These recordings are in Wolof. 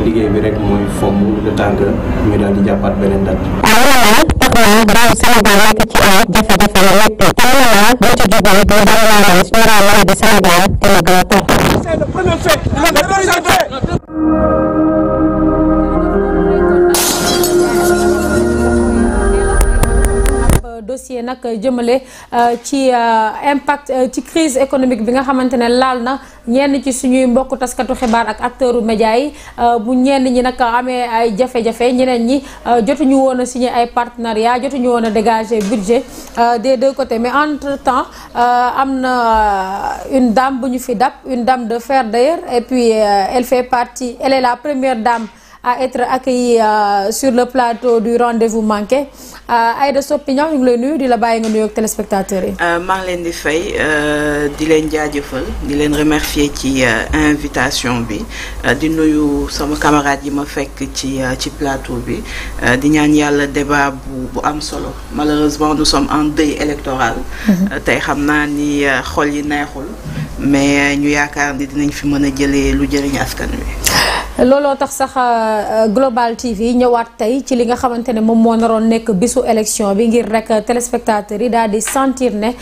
liggéey bi rek mooy fomm le temps que ñu daal di jàppaat beneen date. waaw loolu Sénégal nekk ci ay jafe-jafe yu métti te loolu nag boo ci jógee day doon loo xam ne suñu raadu Sénégal dina gën a dossier nak jëmale euh, ci euh, impact euh, ci crise économique bi nga xamantene ne laal na ñenn ci suñuy mbokk taskatu xibaar ak acteuru média yi bu ñenn ñi nak amé ay jafé jafé ñeneen ñi jotuñu woon a signé ay partenariat jotuñu woon a dégager budget des deux côtés mais entre temps amna une dame bu ñu fi dab une dame de fer d'ailleurs et puis elle fait partie elle est la première dame à être accueilli euh, sur le plateau du rendez-vous manqué euh, Aïda Sopignon ñu le lay de di la bàyyi nga nuyoog téléspectateurs yi. Euh, maa ngi leen di fay di leen jaajëfal di leen remercier ci invitation bi di nuyu sama camarade yi ma fekk ci ci plateau bi di ñaan yàlla débat bu bu am solo malheureusement nous sommes en deuil électoral. Mhm. tey xam ni xol yi neexul mais ñu yaakaar ni dinañ fi mën a lu jëriñ askan looloo tax sax euh, euh, Global TV ñëwaat tey ci li nga xamante ne moom moo naroon nekk bisu élection bi ngir rek euh, téléspectateurs yi daal di sentir ne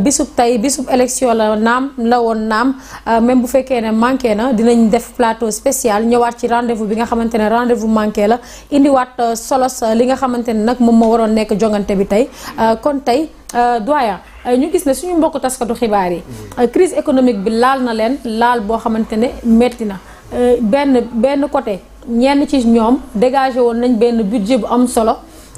bisub tey bisub élection la naam la woon naam même bu fekkee ne manqué na dinañ def plateau spécial ñëwaat ci rendez bi nga xamante ne rendez-vous manqué la indiwaat solos li nga xamante ne nag moom moo waroon nekk jongante bi tey kon tey doyen ñu gis ne suñu mbokk taskatu xibaar yi crise économique bi laal na leen laal boo xamante ne metti na ben ben côté ñenn ci ñom dégager won nañ ben budget bu am solo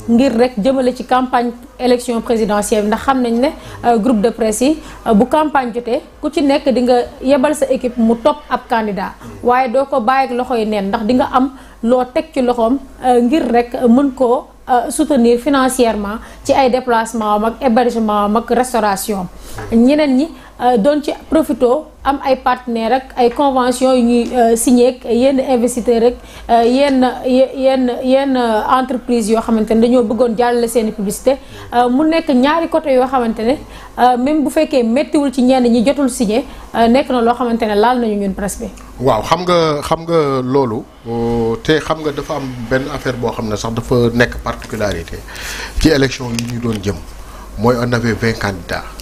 ngir rek jëmele ci campagne élection présidentielle ndax xam nañ né euh, groupe de presse euh, bu campagne jotee ku ci nek di nga yebal sa équipe mu top ab candidat waye do ko bàyyi ak loxoy yi ndax di nga am lo tek ci loxom ngir rek mën ko soutenir financièrement ci ay déplacement ak hébergement ak restauration ñeneen ñi euh, doon profito am ay partenaires ak ay convention yu ñuy euh, signé ak yenn investisseurs rek euh, yenn yenn yenn entreprise yo xamantene dañu dañoo bëggoon jàllale publicité mu nekk ñaari côté yo xamantene même bu féké metti wul ci ñenn ñi jotul signé nekk na lo xamantene ne laal nañu ñun presse bi. waaw xam nga xam nga lolu té xam nga dafa am ben affaire bo xam sax dafa nekk particularité ci élection yi ñu doon jëm moy on avait 20 candidats.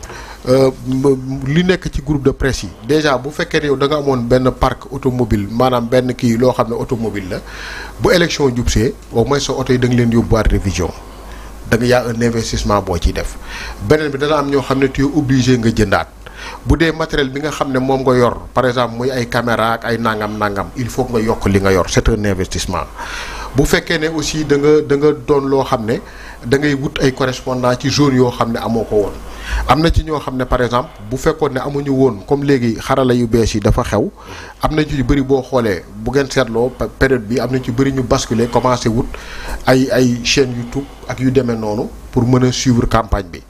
Euh, li nekk ci groupe de presse yi déjà bu fekkee yow da nga amoon benn parc automobile maanaam benn kii loo xam ne automobile la bu élection jubsee au moins sa oto yi da nga leen yóbbuwaat révision da nga yaa un boo ciy def beneen bi dana am ñoo xam ne tu es nga jëndaat bu dee matériel bi nga xam ne moom nga yor par exemple muy ay caméra ak ay nangam nangam il faut nga yokk li nga yor c'est un investissement bu fekkee ne aussi da nga da nga doon loo xam ne da ngay wut ay correspondant ci zone yoo xam ne amoo ko woon am ci par exemple bu fekkone ne amuñu woon comme légui xarala yu bees yi dafa xew amna ci bëri bu période bi am ci bëri ñu basculer commencer wut ay ay chaîne YouTube ak yu pour suivre suivre campagne bi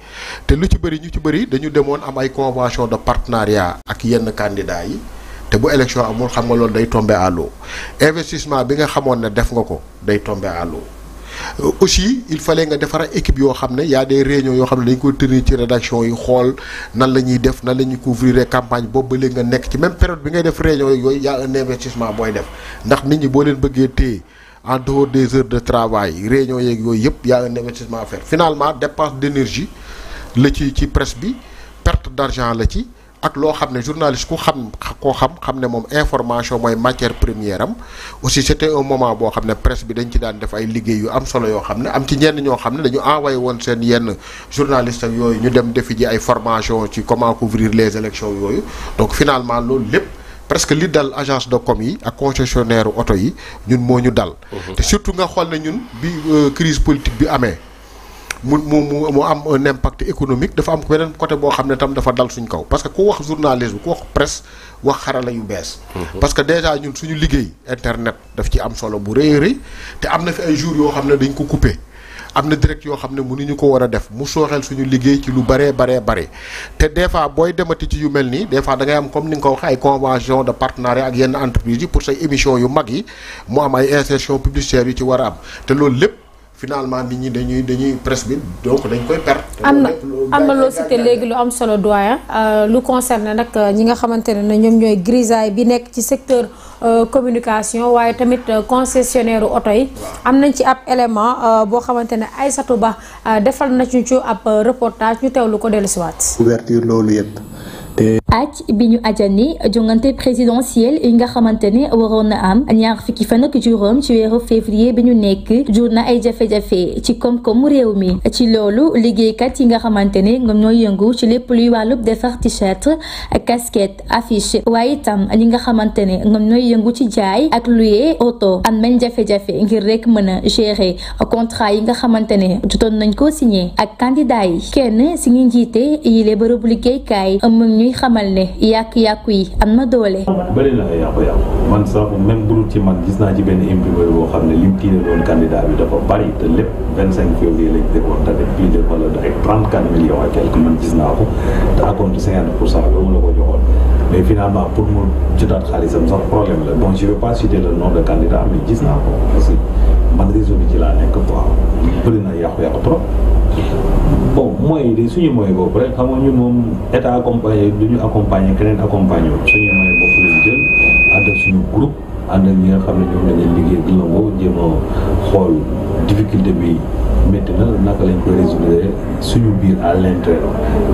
té lu ci bëri ñu ci bëri dañu am ay convention de partenariat ak yenn candidats yi té bu élection amul xam nga lool day tomber à l'eau investissement bi nga xamone def nga ko day à Euh, aussi il fallait nga defar équipe yoo xam ne yaa a des réunions yoo xam ne dañ ko tenir ci rédaction yi xool nan la ñuy def nan la ñuy couvrir campagne boobu ba léegi nga nekk ci même période bi ngay def réunion yooyu y a un investissement booy def ndax nit ñi boo leen bëggee téye en dehors des heures de travail réunion yeeg yooyu yëpp yaa a un investissement à faire finalement dépense d'énergie la ci ci presse bi perte d'argent la ci ak lo xamné journaliste ku xam ko xam xamné mom information moy matière première am aussi c'était un moment bo xamné presse bi dañ ci daan def ay liguey yu am solo yo xamné am ci ñenn ño xamné dañu envoyé won seen yenn journaliste ak yoy ñu dem def ji ay formation ci comment couvrir les élections yoy donc finalement lool lepp presque li dal agence de com yi ak concessionnaire auto yi ñun moo ñu dal mmh. te surtout nga xol ne ñun bi euh, crise politique bi amé mu mu mu am un impact économique dafa am ko beneen côté boo xam ne tam dafa dal suñ kaw parce que ku wax journalisme ku wax presse wax xarala yu bees. Mhm. parce que déjà ñun suñu liggéey internet daf ci am solo bu rëy a rëy te am na fi ay jours yoo xam ne dañ ko coupé. am na direct yoo xam ne ñu ko war a def mu sooxeel suñu liggéey ci lu baree baree bare te des fois booy demati ci yu mel nii des fois da ngay am comme ni nga ko waxee ay convention de partenariat ak yenn entreprise yi pour yu mag yi mu am ay insertion publicitaire yu ci war a am te loolu lépp. finalement nit ñi dañuy dañuy presse bi donc dañ koy perte. am na am na loo cité léegi lu am solo doyen euh, lu concerne nag euh, ñi nga xamante ne ñoom ñooy grisaille bi nekk ci secteur euh, communication waaye tamit concessionnaire oto yi. am nañ ci ab élément boo xamante ne Aïssatou Ba defal nañu ci ab reportage ñu teew lu ko dellusiwaat. couverture loolu yëpp. At biñu Adjani, jongante présidentiel yi nga xamante ne na am ñaar fukki fan ak ci weeru février biñu nek nekk jur na ay jafe-jafe ci kom koomu réew mi ci loolu kat yi nga xamante ne ñoy yëngu ci lépp luy wàllub defar t-shirt casquette affiche waaye itam ñi nga xamante ne ñoy yëngu ci jaay ak luye auto am nañ jafé jafé ngir rek mëna a gérer contrat yi nga xamante nañ ko signé ak candidat yi kenn si ñu njiite yi kay am ñuy xamal ne yàq-yàqu yi am na doole. bëri na ay yàqu-yàqu man sax même bu dul ci man gis naa ci benn imprimerie boo xam ne lim tiire doon candidat bi dafa bari te lépp vingt cinq février lañ déggoon te def plus de valeur de millions et quelque man gis naa ko te acompte cinquante pour cent loolu la ko joxoon mais finalement pour mu jotaat xaalisam sax problème la bon je vais pas citer le nom de candidat gis naa ko parce que man réseau bi ci laa nekk quoi bon mooy yi suñu mooy bopp rek xam nga ñun moom état accompagné du ñu accompagné keneen accompagné wu suñu moyen bopp lañ jël ànd suñu groupe ànd ak ñi nga xam ne ñoom la ñuy liggéey ak Lango jéem a xool difficulté bi. métti na naka lañ koy résoudre suñu biir à l'intérieur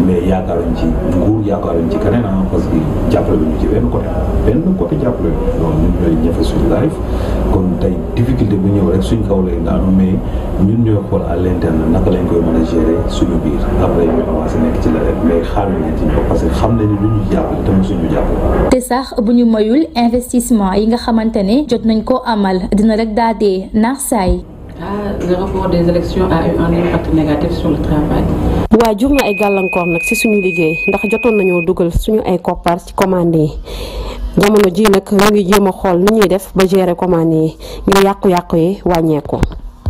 mais yaakaaruñ ci nguur yaakaaruñ ci keneen ah, parce que jàppale ñu ci benn côté bu ñëw rek suñ kaw lay daanu mais ñun ñooy xool à l'interne naka lañ koy mën a gérer suñu biir après ñu avancé nekk ci la rek mais xaar ci ñoom parce que xam nañ lu ñu jàppale te suñu jàppale. te sax bu ñu mayul investissement yi nga xamante ne jot nañ koo amal dina rek daa dee naax saay ah le report des élections a eu un impact négatif sur le travail. waaye jour na ay gàllankoor nak ci suñu liggéey ndax jotoon nañu dugal suñu ay koppar ci commande yi jamono ji nak ñu ngi jéem a xool ñuy def ba gérer commande ñu yaqku yàqu-yàqu yi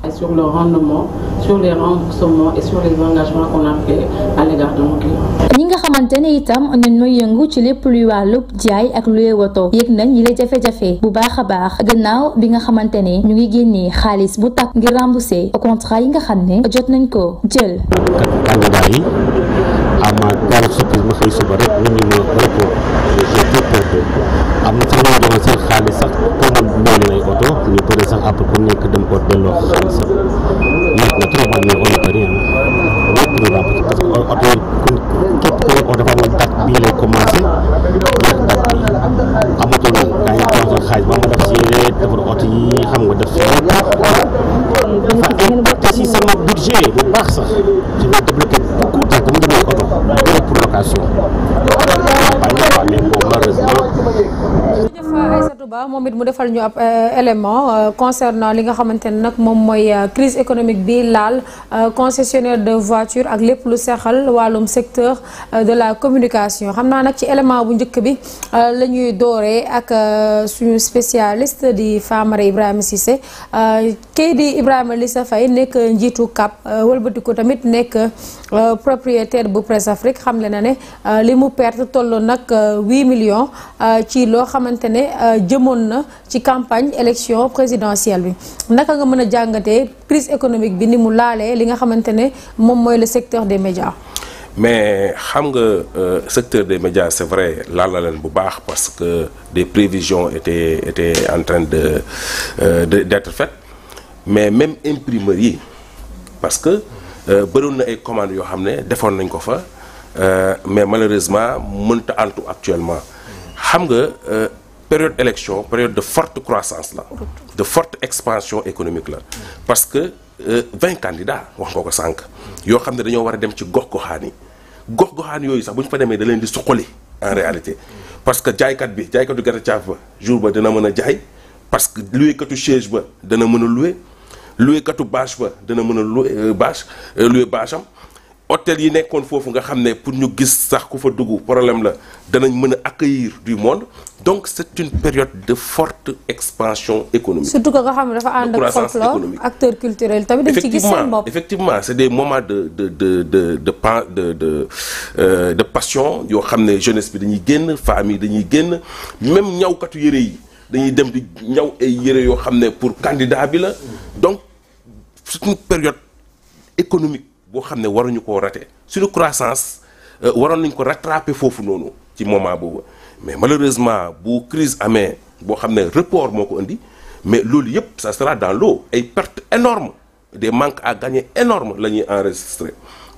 sur le rendement sur les remboursements et sur les engagements qu'on a fait à l'égard de nos clients. ñi nga xamante ne itam ñooy yëngu ci lépp luy wàllub jaay ak luy woto yëg nañ yi la jafe-jafe bu baax a baax gannaaw bi nga xamante ne ñu ngi génnee xaalis bu takk ngir remboursé contrat yi nga xam ne jot nañ ko jël. am na sax ñoo joxe seen xaalis sax pour mu may leen oto ñu pare sax après ku nekk dem ko delloo nekk na trop am oto yi képp nekk dafa amoon date si sama budget bu baax sax je vais développer beaucoup de temps dama jëndee oto pour location was no jërëjëf Aïssatou Ba moom it mu defal ñu ab euh, élément euh, concernant li nga xamante ne nag moom euh, crise économique bi laal concessionnaire de voiture ak lépp lu seexal wàllum secteur de la communication xam naa nag ci élément bu njëkk bi la ñuy dooree ak suñu spécialiste di Famara Ibrahim Cissé kii di Ibrahima Lissa Faye nekk njiitu CAP wëlbatiku tamit nekk propriétaire bu Presse Afrique xam le na ne li mu perte toll nag 8 millions ci lo xamantene ne euh, jëmoon ci campagne élection présidentielle bi naka nga mëna jangaté crise économique bi ni mu que li nga xamantene mom le secteur des médias. mais xam nga euh, secteur des médias c'est vrai laal bu parce que des prévisions étaient étaient en train euh, d'être faites mais même imprimerie parce que bëroon na ay commandes yo xamné ne nañ ko fa mais malheureusement mënta antu actuellement xam nga euh, période élection période de forte croissance la de forte expansion économique la parce que euh, vingt candidats wax nga ko sànq yoo xam ne dañoo war a dem ci gox goxaan yi gox goxaan yooyu sax bu ñu fa demee da leen di suqali en réalité parce que jaaykat bi jaaykatu gerte caaf ba jour ba dina mën a jaay parce que luweekatu chaise ba dana mën a luwe luweekatu bâche ba dana mën a luwe euh, bâche bache bâche am hôtel yi nekkoon foofu nga xam ne pour ñu gis sax ku fa dugg problème la danañ mën a accueillir du monde donc c' est une période de forte expansion économique. surtout que nga xam dafa ànd ak folklore acteur culturel tamit dañ ci gis seen bopp effectivement c' est des moments de de de de de de de euh, de passion yoo xam ne jeunesse bi dañuy génn famille dañuy génn même ñawkatu yëre yi dañuy dem di ñaw ay yëre yoo xam ne pour candidat bi la donc c' est une période économique boo xam ne waruñu koo raté suñu croissance euh, waroon nañ ko rattraper foofu nono ci moment boobu mais malheureusement bu crise amee boo xam ne report moo ko mais loolu yëpp ça sera dans l'eau ay pertes énormes des manques à gagner énormes la ñuy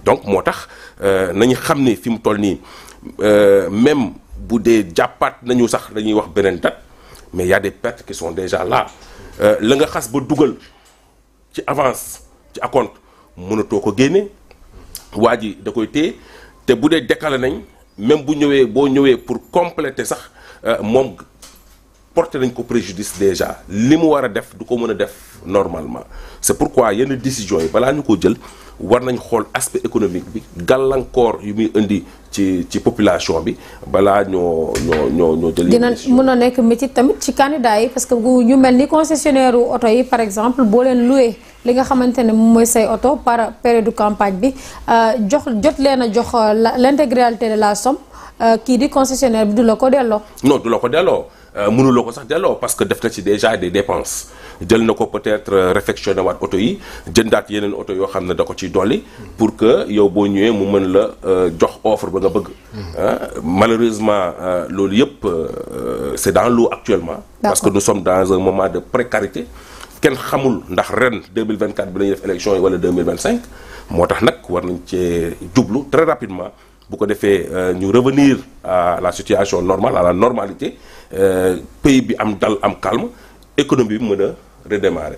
donc moo tax euh, nañu xam ne fi mu toll nii euh, même bu des jàppaat nañu sax dañuy wax beneen date mais il y a des pertes qui sont déjà là la nga xas ba dugal ci avance ci acompte mënatoo ko génne waa ji da koy téye te bu dee décalé nañ même bu ñëwee boo ñëwee pour compléter sax euh, moom porter un ko préjudice déjà les mu war a def du ko mën a def normalement c'est pourquoi il décisions yi balaa ñu ko jël war nañ aspect économique bi encore yu muy indi ci ci population bi bala ñoo ñoo ñoo ñoo jël. dina mëna nek nekk métier tamit ci candidat yi parce que ñu melni concessionnaire auto yi par exemple bo len louer li nga xamantene ne say auto par période de campagne bi euh, jox jot leena jox euh, l'intégralité de la somme qui euh, di concessionnaire bi du la ko delloo. non du la ko delloo. Euh, mënuloo ko sax delloo parce que def na ci déjà des dépenses jël na ko peut-être euh, réfectionné waat oto yi jëndaat yeneen oto yoo xam ne da ko dolli pour que yow boo ñëwee mu mën la euh, jox offre ba nga bëgg hmm. hein? malheureusement loolu yëpp c'est dans l'eau actuellement parce que nous sommes dans un moment de précarité kenn xamul ndax ren 2024 bi la def élection yi wala 2025 moo tax nag war nañ cee jublu très rapidement bu ko defee ñu revenir à la situation normale à la normalité Euh, pays bi am dal am calme économie bi mën a redémarrer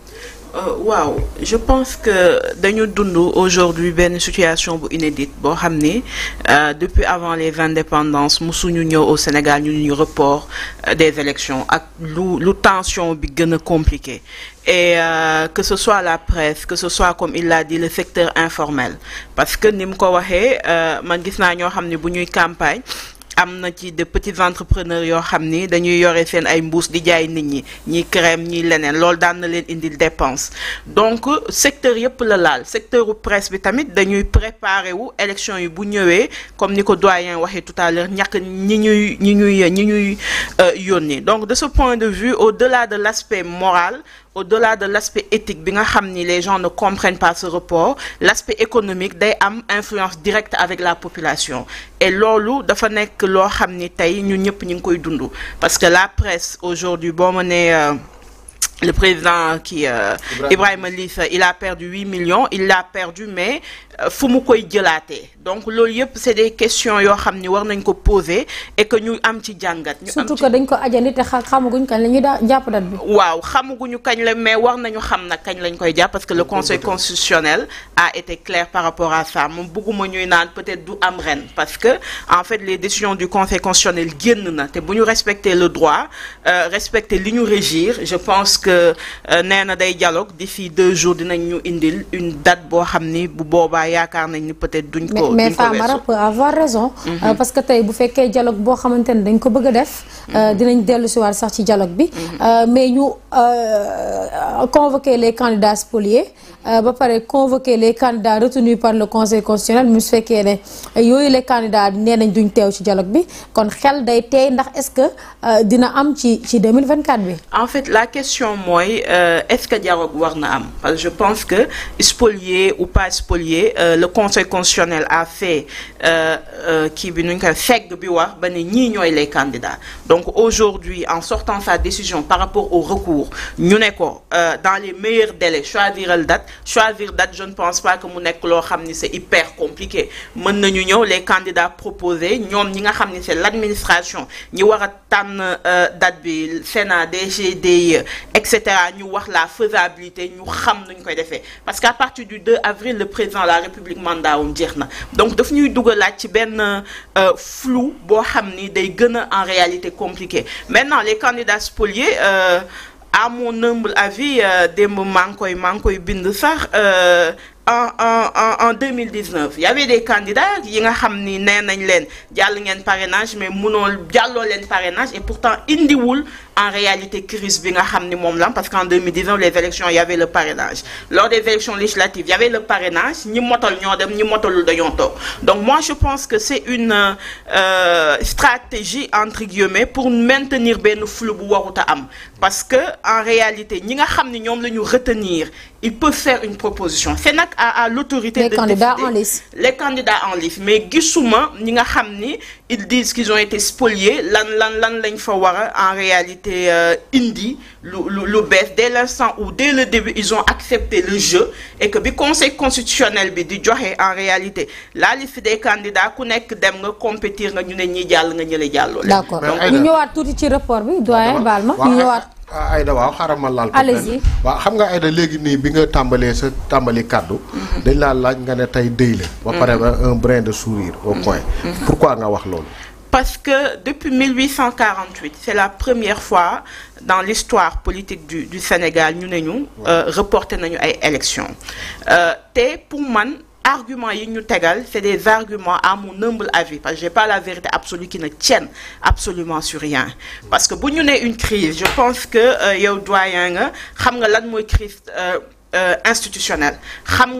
Euh, je pense que nous avons aujourd'hui une situation inédite euh, depuis avant les indépendances nous ñëw au Sénégal nous report euh, des élections ak tension bi compliquée et que ce soit la presse que ce soit comme il l'a dit le secteur informel parce que nous avons ko waxee nous gis campagne amna ci de petits entrepreneurs yo xamni dañuy yoré sen ay mbouss di jaay nit ñi ñi crème ñi leneen lool daan na leen indil dépense donc secteur yëpp la laal secteur presse bi tamit dañuy préparer wu élection yi bu ñëwé comme niko doyen waxé tout à l'heure ñak ñi ñuy ñi ñuy ñi ñuy euh, yónni donc de ce point de vue au-delà de l'aspect moral au-delà de l'aspect éthique bi nga les gens ne comprennent pas ce report l'aspect économique a une influence directe avec la population et lolu dafa nekk qui que ni tey ñun ñëpp ñing koy parce que la presse aujourd'hui bon, on euh, le président qui euh, Ibrahim Lif, il a perdu 8 millions, il l'a perdu mais euh, Fumuko mu koy donc le lieu c'est des questions yoo xam ni war nañ ko poser et que nous am ci jàngat. surtout que dañ ko ajandi te bi. waaw la mais war nañu xam parce que le conseil constitutionnel a été clair par rapport à ça moom bëgguma ñuy naan peut-être du am parce que en fait les décisions du conseil constitutionnel sont na te avons respecter le droit euh, respecter respecté régir je pense que que euh, nee na day dialogue d'ici deux jours dinañ indil une date bo xamni bu boba yaakaar nañ ni peut-être duñ ko duñ ko mais Famara peut avoir raison. Mhm. Euh, parce que tay bu fekkee dialogue bo xamante dañ ko bëgg def. Euh, mhm. dinañ dellu si war sax ci dialogue bi. Mhm. mais ñu convoquer les candidats spoliés. Euh, ba paré convoquer les candidats retenus par le conseil constitutionnel mu pense que euh, les candidats nee duñ téw ci dialogue bi kon xel day téy ndax est-ce que euh, dina am ci 2024 en fait la question est est-ce que dialogue war na am parce que je pense que spolié ou pas spolié le conseil constitutionnel a fait qui bi nuñ ko fegg bi wax ba ne des les candidats donc aujourd'hui en sortant sa décision par rapport au recours ñu sommes ko dans les meilleurs délais choisiral date choisir date je ne pense pas que mon c'est hyper compliqué mën nañu les candidats proposés nous ñi l'administration nous avons euh, date bi Sénat DGDE etc. ñu la faisabilité ñu xam nuñ koy fait. parce qu'à partir du 2 avril le président de la République manda jeex dirna. donc daf ñuy la ci euh, flou boo xam en réalité compliqué maintenant les candidats spoliés euh, à mon humble avis euh, démb maa ngi koy maa ngi koy bind sax. Euh, en 2019, il y avait des candidats qui nga xamni ni len jall ngeen parrainage mais mënoo jallo len parrainage et pourtant indiwul en réalité crise bi nga xamni parce qu'en 2019 les élections il y avait le parrainage lors des élections législatives il y avait le parrainage ñi motal ñoo dem ñi motalul dañoo toog donc moi je pense que c'est une euh, stratégie entre guillemets pour maintenir le flou bu parce que en réalité ñi nga xamni ni lañu retenir il peut faire une proposition FENAC a, l'autorité de candidats en les candidats en liste mais Guissouma, Ningahamni, ils disent qu'ils ont été spoliés lan lan lan en réalité euh, indi lu bees dès l'instant où dès le début ils ont accepté le jeu et que bi conseil constitutionnel bi di joxe en réalité la liste des candidats ku nek dem nga compétir nga ñu né ñi jall nga ñële jàlloo. d'accord ñu ñëwaat tuuti ci rapport bi doyen baal ma ñu ñëwaat. Aïda waaw xaaral ma laal. allez-y wa xam nga Aïda légui ni bi nga tambalé sa tàmbali cadeau mhm. dañ la laaj nga né tay dëy la. ba mhm. paré un brin de sourire au mhm. coin. pourquoi nga wax loolu parce que depuis 1848, c'est la première fois dans l'histoire politique du, du Sénégal, nous avons euh, reporté nos élections. Euh, pour moi, arguments yi c'est des arguments à mon humble avis parce que n'ai pas la vérité absolue qui ne tienne absolument sur rien parce que si nous avons une crise je pense que nous devons avoir xam crise euh, institutionnelle xam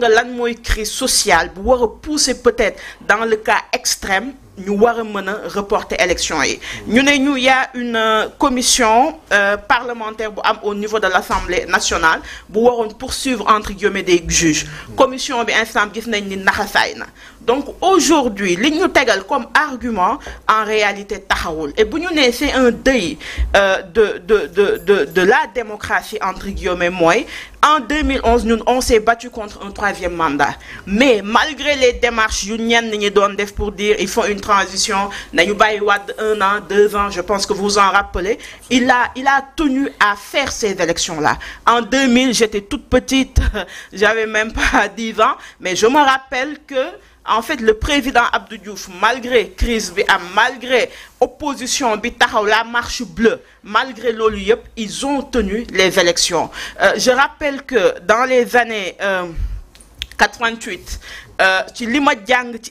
crise sociale pour repousser peut-être dans le cas extrême nous devons reporter l'élection. yi ñu une euh, commission euh, parlementaire au niveau de l'Assemblée nationale pour poursuivre entre guillemets des juges la mm. commission est instant gis nañ ni donc aujourd'hui li comme argument en réalité taxawul et bu nous c'est un deuil euh, de de de de la démocratie entre guillemets moi. en 2011 nous on s'est battu contre un troisième mandat mais malgré les démarches yu pour dire il faut une transition un an deux ans je pense que vous en rappelez il a il a tenu à faire ces élections là en 2000 j'étais toute petite j'avais même pas 10 ans mais je me rappelle que en fait le président Abdou Diouf malgré crise malgré opposition la marche bleue malgré l'Oliop, ils ont tenu les élections euh, je rappelle que dans les années 88 euh, euh, ci lima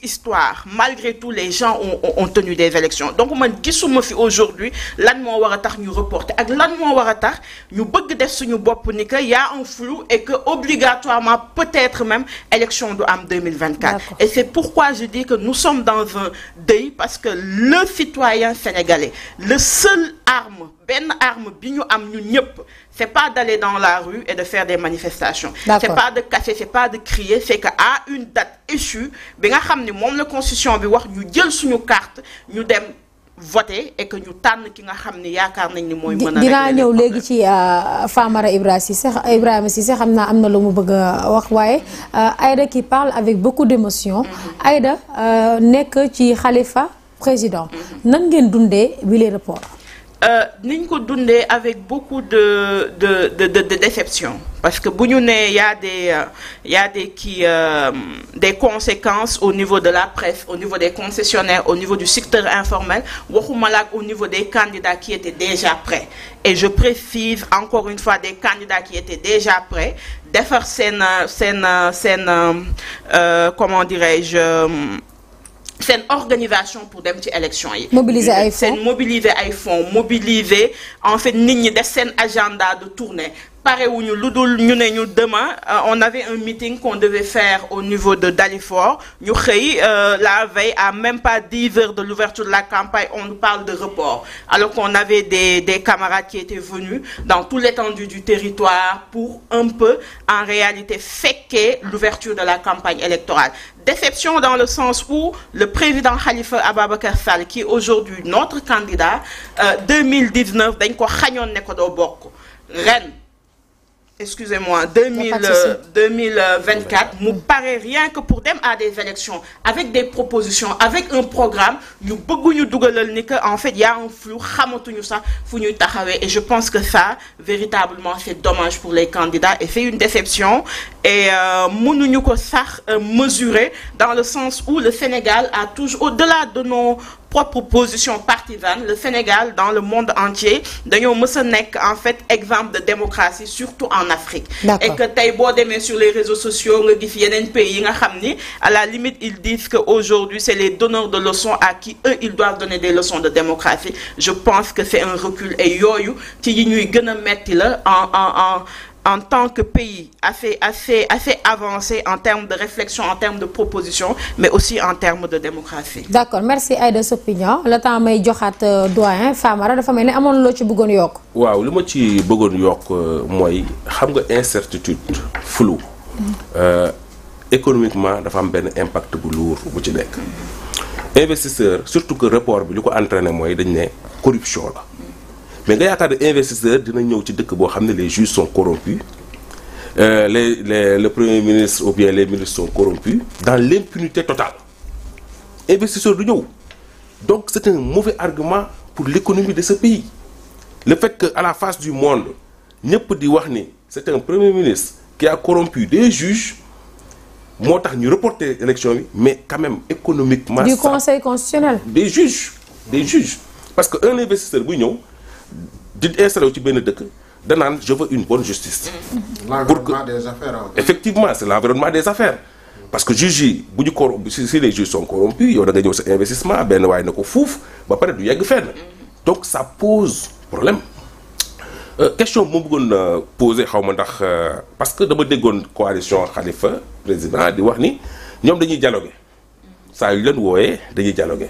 histoire malgré tout les gens ont tenu des élections donc man gisuma fi aujourd'hui lan mo wara tax ñu reporter ak lan on wara tax ñu bëgg def suñu bop ni que y a un flou et que obligatoirement peut-être même élection de am 2024 et c'est pourquoi je dis que nous sommes dans un deuil parce que le citoyen sénégalais le seul arme ben arme bi am ñun ñëpp c'est pas d'aller dans la rue et de faire des manifestations c'est pas de casser c'est pas de crier c'est que à une date échue bi nga xamni mom la constitution bi wax ñu jël suñu carte ñu dem voter et que ñu tànn ki nga xamni yaakar nañ ni moy mëna a dinaa légui ci euh, Famara Ibrahima Cissé Ibrahim Cissé xamna amna na lu mu bëgg wax waye euh, Aïda qui parle avec beaucoup d'émotion mhm. Aïda que euh, ci Khalifa président mhm. nan ngeen dundé bi les report euh, niñ ko avec beaucoup de de de déception parce que bu il y a des euh, y a des qui euh, des conséquences au niveau de la presse au niveau des concessionnaires au niveau du secteur informel au niveau des candidats qui étaient déjà prêts et je précise encore une fois des candidats qui étaient déjà prêts des seen comment dirais-je. C'est une organisation pour des petites élections. mobiliser iPhone. mobiliser iPhone, mobiliser en fait nigne des scènes agenda de tournée Paré nous demain euh, on avait un meeting qu'on devait faire au niveau de Dalifort nous euh, la veille à même pas 10 heures de l'ouverture de la campagne on nous parle de report alors qu'on avait des des camarades qui étaient venus dans tout l'étendue du territoire pour un peu en réalité féquer l'ouverture de la campagne électorale déception dans le sens où le président Khalifa Ababa Sall qui est aujourd'hui notre candidat 2019 euh, Rennes excusez-moi, 2024, euh, nous paraît rien que pour à des élections, avec des propositions, avec un programme, nous beaucoup nous en fait, il y a un flou, ça, et je pense que ça, véritablement, c'est dommage pour les candidats et c'est une déception. Et euh, nous euh, nous mesurer dans le sens où le Sénégal a toujours, au-delà de nos propre position partisane le Sénégal dans le monde entier d'ailleurs, mës en fait exemple de démocratie surtout en Afrique et que Taïbo des sur les réseaux sociaux nga pays à la limite ils disent que aujourd'hui c'est les donneurs de leçons à qui eux ils doivent donner des leçons de démocratie je pense que c'est un recul et yo, ci yi ñuy en en en en tant que pays a fait, a fait, a fait avancer en termes de réflexion, en termes de proposition, mais aussi en termes de démocratie. D'accord, merci Aïda Sopignan. Le temps may joxat euh, doyen Famara dafa melni amone lo ci bëggon yok. Waaw, luma ci bëggon yok euh, moy xam nga incertitude flou. Mm. Euh économiquement y a un impact lourd bu Investisseurs, surtout que report bi liko entraîner moy dañ né corruption mais il y a des investisseurs qui les juges sont corrompus euh, le premier ministre ou bien les ministres sont corrompus dans l'impunité totale Investisseurs du nous. donc c'est un mauvais argument pour l'économie de ce pays le fait qu'à la face du monde ñëpp di c'est un premier ministre qui a corrompu des juges moo ñu reporter mais quand même économiquement. du conseil constitutionnel. des juges des juges parce qu'un un investisseur bu je veux une bonne justice. Mmh. effectivement c'est l'environnement des affaires. parce que juge si les juges sont corrompus Il y aura des investissements ben ouais ne na ko ba du yegg donc ça pose problème. Euh, question que euh, je poser euh, parce que dama La coalition Khalifa président di wax ni ñoom dañuy Ça ça leen ouais dañuy dialoguer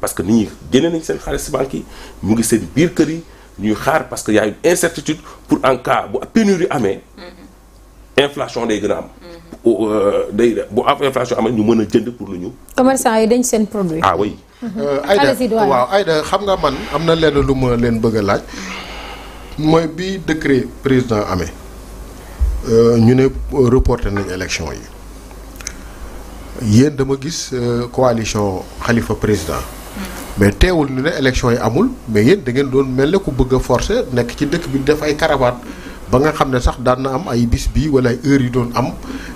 parce que nit ñi génne nañ seen xaalis banque yi mu ngi seen biir kër yi xaar parce que y a une incertitude pour en cas bu pénurie amee mm-hmm. inflation des gën a am euh, day bu am inflation amee ñu mën a jënd pour lu ñu commerçant yi dañ seen produit ah oui euh, Aïda waaw Aïda xam nga man am na lenn lu ma leen bëgg a laaj mooy bi décret président amee euh, ñu ne reporté nañ élection yi yéen dama gis coalition Khalifa président mais teewul ñu ne élection yi amul mais yéen da ngeen doon mel ne ku bëgg a forcer nekk ci dëkk bi def ay caravane ba nga xam ne sax daan na am ay bis bii wala ay heures yu doon am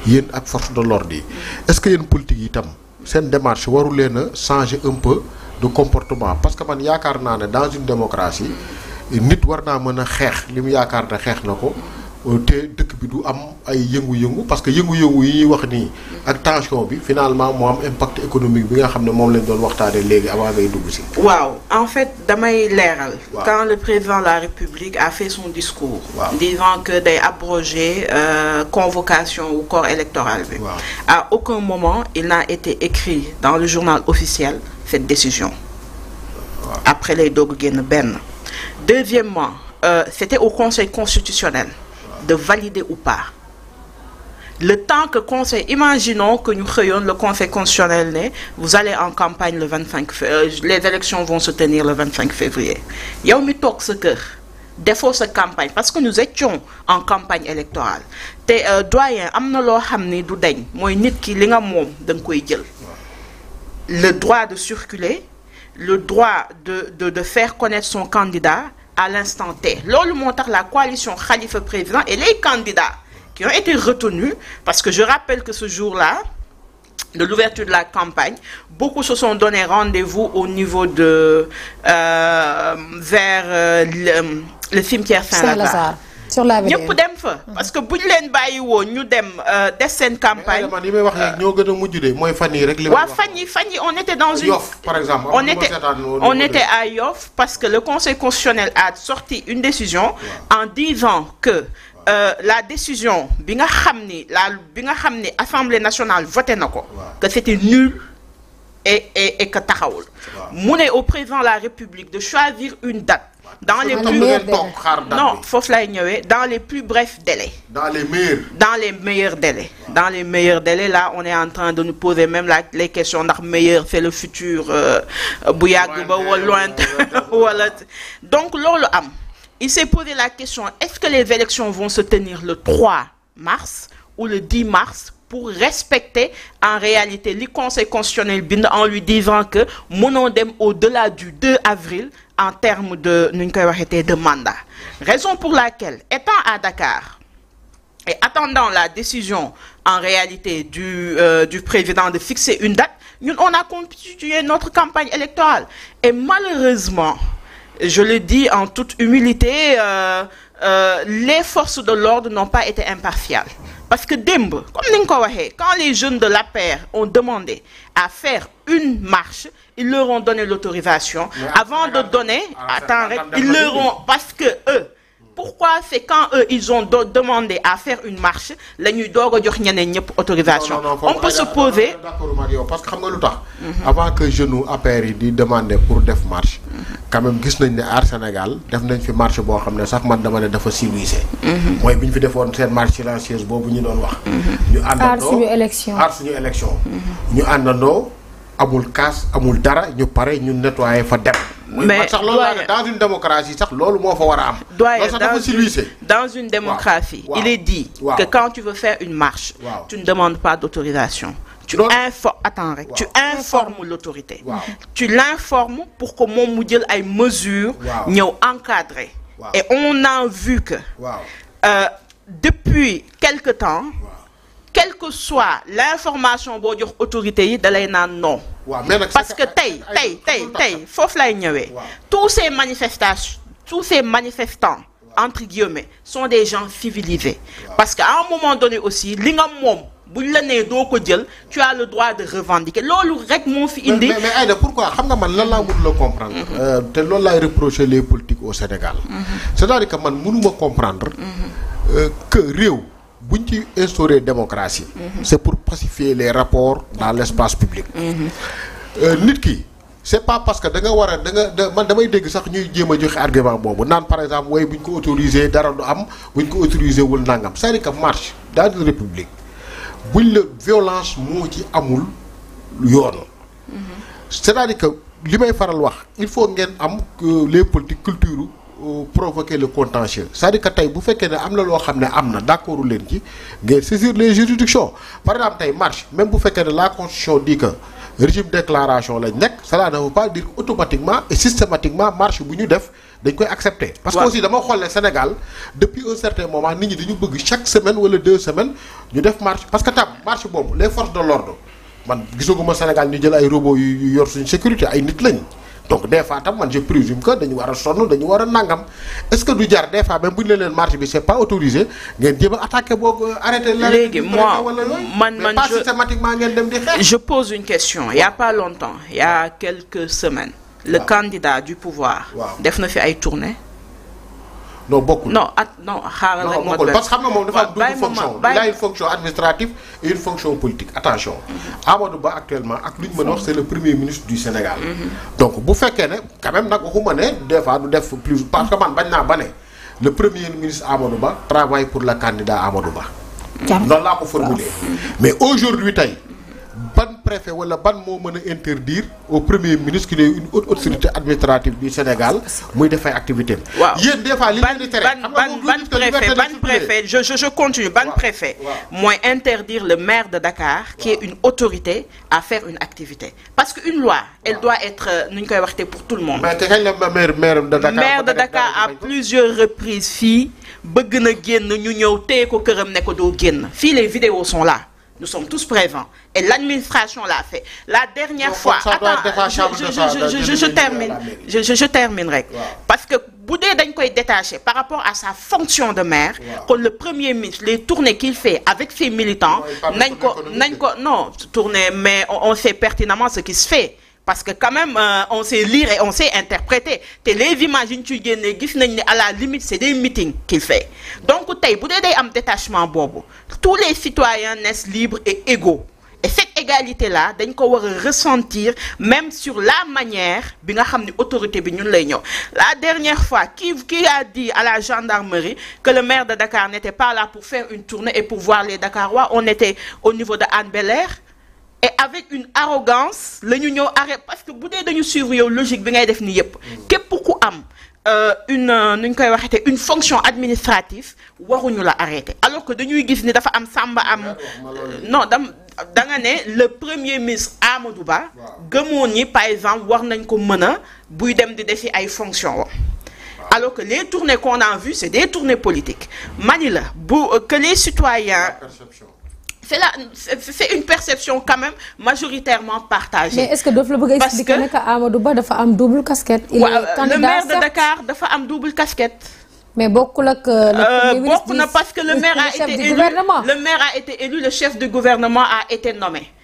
yéen ak force de l'ordre yi est-ce que yéen politique yi itam seen démarche waru leen a changer un peu de comportement parce que man yaakaar naa ne dans une démocratie nit war naa mën a xeex li mu yaakaar ne xeex na ko Euh, parce que finalement économique en fait damay quand le président de la République a fait son discours. disant que day abrogés euh, convocation au corps électoral à aucun moment il n'a été écrit dans le journal officiel cette décision. après les dogues ben deuxièmement euh, c'était au conseil constitutionnel de valider ou pas le temps que conseil imaginons que nous créons le conseil constitutionnel vous allez en campagne le 25 février. Euh, les élections vont se tenir le 25 février Il y a sa kër des fausses campagne parce que nous étions en campagne électorale euh, le droit de circuler le droit de de faire connaître son candidat à l'instant T Lors montant la coalition Khalifa président et les candidats qui ont été retenus parce que je rappelle que ce jour-là de l'ouverture de la campagne beaucoup se sont donné rendez-vous au niveau de euh, vers euh, le, le cimetière Saint-Lazare sur la ñëpp dem fa. parce que buñ leen bàyyi woon ñu dem euh, def seen campagne. li may wax rek euh. ñoo gën a mujj de mooy fan yii rek. li fan fan on était dans une. Yoff par exemple on était on était à Yoff parce que le conseil constitutionnel a sorti une décision en disant que. Euh, la décision bi nga xam la bi nga xam assemblée nationale voté na que c'était nul et et et que taxawul. mu ne au président de la république de choisir une date dans les plus dans les plus brefs délais. dans les meilleurs. dans les meilleurs délais. dans les meilleurs délais là on est en train de nous poser même les questions ndax meilleur c'est le futur euh, donc il s'est posé la question est-ce que les élections vont se tenir le 3 mars ou le 10 mars. pour respecter en réalité les conseil constitutionnel en lui disant que mon au-delà du 2 avril en termes de de mandat raison pour laquelle étant à Dakar et attendant la décision en réalité du euh, président de fixer une date nous on a constitué notre campagne électorale et malheureusement je le dis en toute humilité euh, euh, les forces de l'ordre n'ont pas été impartiales parce que Dimbo, comme ni quand les jeunes de la paire ont demandé à faire une marche ils leur ont donné l'autorisation. Avant de donner, ah, attends, ils leur ont, parce que eux, pourquoi c'est quand eux, ils ont demandé à faire une marche, les nous d'or autorisation On peut se poser. parce que mhm. avant que je nous appelle, ils demander pour des marche. Quand même, nous avons en Sénégal, nous avons marche pour que chaque mois demandé de faire civiliser. Mhm. Moi, bien fait faire cette marche silencieuse, bon, nous avons. Nous avons élection. Nous avons élection. Mhm. Nous avons amul kaas amul dara ñu paré ñu nettoyer fa dem. mais dans une démocratie sax lolu mo fa wara dans une démocratie. il est dit. que quand tu veux faire une marche. tu ne demandes pas d'autorisation. tu informes attends tu informes l'autorité. tu l'informes pour que mon modèle jël ay mesures. ñëw encadrer. et on a vu que. Euh, depuis quelque temps quelle que soit l'information bo jox autorité yi dalay lay non. parce que tay tay tay tay fof lay ñëwé tous ces manifestations tous ces manifestants. entre guillemets sont des gens civilisés. parce que à un moment donné aussi li nga mom buñ la ko jël tu as le droit de revendiquer loolu rek mon fi mais mais Aïda pourquoi xam nga man l'a laa mënul a comprendre. Mhm. Euh, te loolu laay reprocher les politiques au Sénégal. Mhm. c'est-à-dire que man mënuma comprendre. Mhm. Euh, que réew buñ ci la démocratie. Mhm. c'est pour pacifier les rapports dans l'espace public. Mhm. Euh, nit ki. c'est pas parce que da nga war que da nga man damay dégg sax ñuy argument bon, par exemple way bu autorisé dara du am bu ko autorisé wul cest que marche dans une république buñ la violence multi ci amul mhm. c'est-à-dire que li may faral loi il faut que am les politiques culturelles provoquer le contentieux c'est-à-dire que tay, bu faites que am la loo ou ne am saisir les juridictions par exemple une marche même bu que la constitution dit que régime déclaration la nek. cela ne veut pas dire automatiquement et systématiquement marche bu ñu def dañ accepter parce que aussi dama xool le Sénégal depuis un certain moment nit ñi dañu bëgg chaque semaine wala deux semaines ñu def marche parce que tab marche boobu les forces de l'ordre man gisaguma Sénégal ñu jël ay robots yu yor sécurité ay nit lañ donc des fois tam man je présume que dañu wara sonu dañu wara nangam est-ce que du jar des fois même buñ leen la marché bi c'est pas autorisé ngeen jéem attaquer bo euh, arrêter arrêté. la moi man man systématiquement ngeen dem di je pose une question il y a pas longtemps il y a quelques semaines. le candidat du pouvoir. def na fi ay tournées non beaucoup non at non xaaral rek parce que xam nga moom dafa am fonction il a une fonction administrative et une fonction politique attention Amadou Ba actuellement ak c'est le premier ministre du Sénégal mhm. donc bu fekkee ne quand même nag waxuma ne des fois plus parce que man bañ naa le premier ministre Amadou Ba travaille pour le candidat Amadou Ba non là ko formuler mais aujourd'hui ban préfet wala ban mo meuna interdire au premier ministre qui est une haute autorité administrative du Sénégal muy def ay activité waaw des fois li leen ban ban ban préfet ban préfet je je je continue ban préfet mooy interdire le maire de Dakar qui est une autorité à faire une activité parce qu'une loi elle doit être euh, nu koy pour tout le monde mais maire de Dakar a plusieurs reprises fi bëgg na génn ñu ñëw téye ko këram ne ko doo génn fii les vidéos sont là nous sommes tous prévents. Et l'administration l'a fait. La dernière fois, je, termine, je, terminerai. Parce que Boudé est détaché par rapport à sa fonction de maire, le premier ministre, les tournées qu'il fait avec ses militants, non, non, mais on, on sait pertinemment ce qui se fait parce que quand même euh, on sait lire et on sait interpréter télé images imagine tu à la limite c'est des meetings qu'il fait donc vous boudé day détachement tous les citoyens naissent libres et égaux et cette égalité là dañ ko ressentir même sur la manière bi nga xamni autorité la dernière fois qui a dit à la gendarmerie que le maire de Dakar n'était pas là pour faire une tournée et pour voir les Dakarois on était au niveau de Anne Belair et avec une arrogance le ñu parce que bu dee dañu suivre yow logique bi ngay def ni yépp képp ku am euh, une euh, ñu koy une fonction administrative waruñu la arrêter alors que dañuy gis ni dafa am samba am euh, non dam da nga né le premier ministre Amadouba, Ba gëmoon ni par exemple war nañ ko mëna dem di ay fonction alors que les tournées qu'on a vues c'est des tournées politiques Manila, que les citoyens c'est une perception quand même majoritairement partagée. mais est-ce que daf la explique que, expliquer que Amadou Ba dafa am double casquette. il est euh, candidat le maire de Dakar dafa am double casquette. mais beaucoup ak euh, le euh, beaucoup parce que le maire a été élu le maire a été élu le chef du gouvernement a été nommé.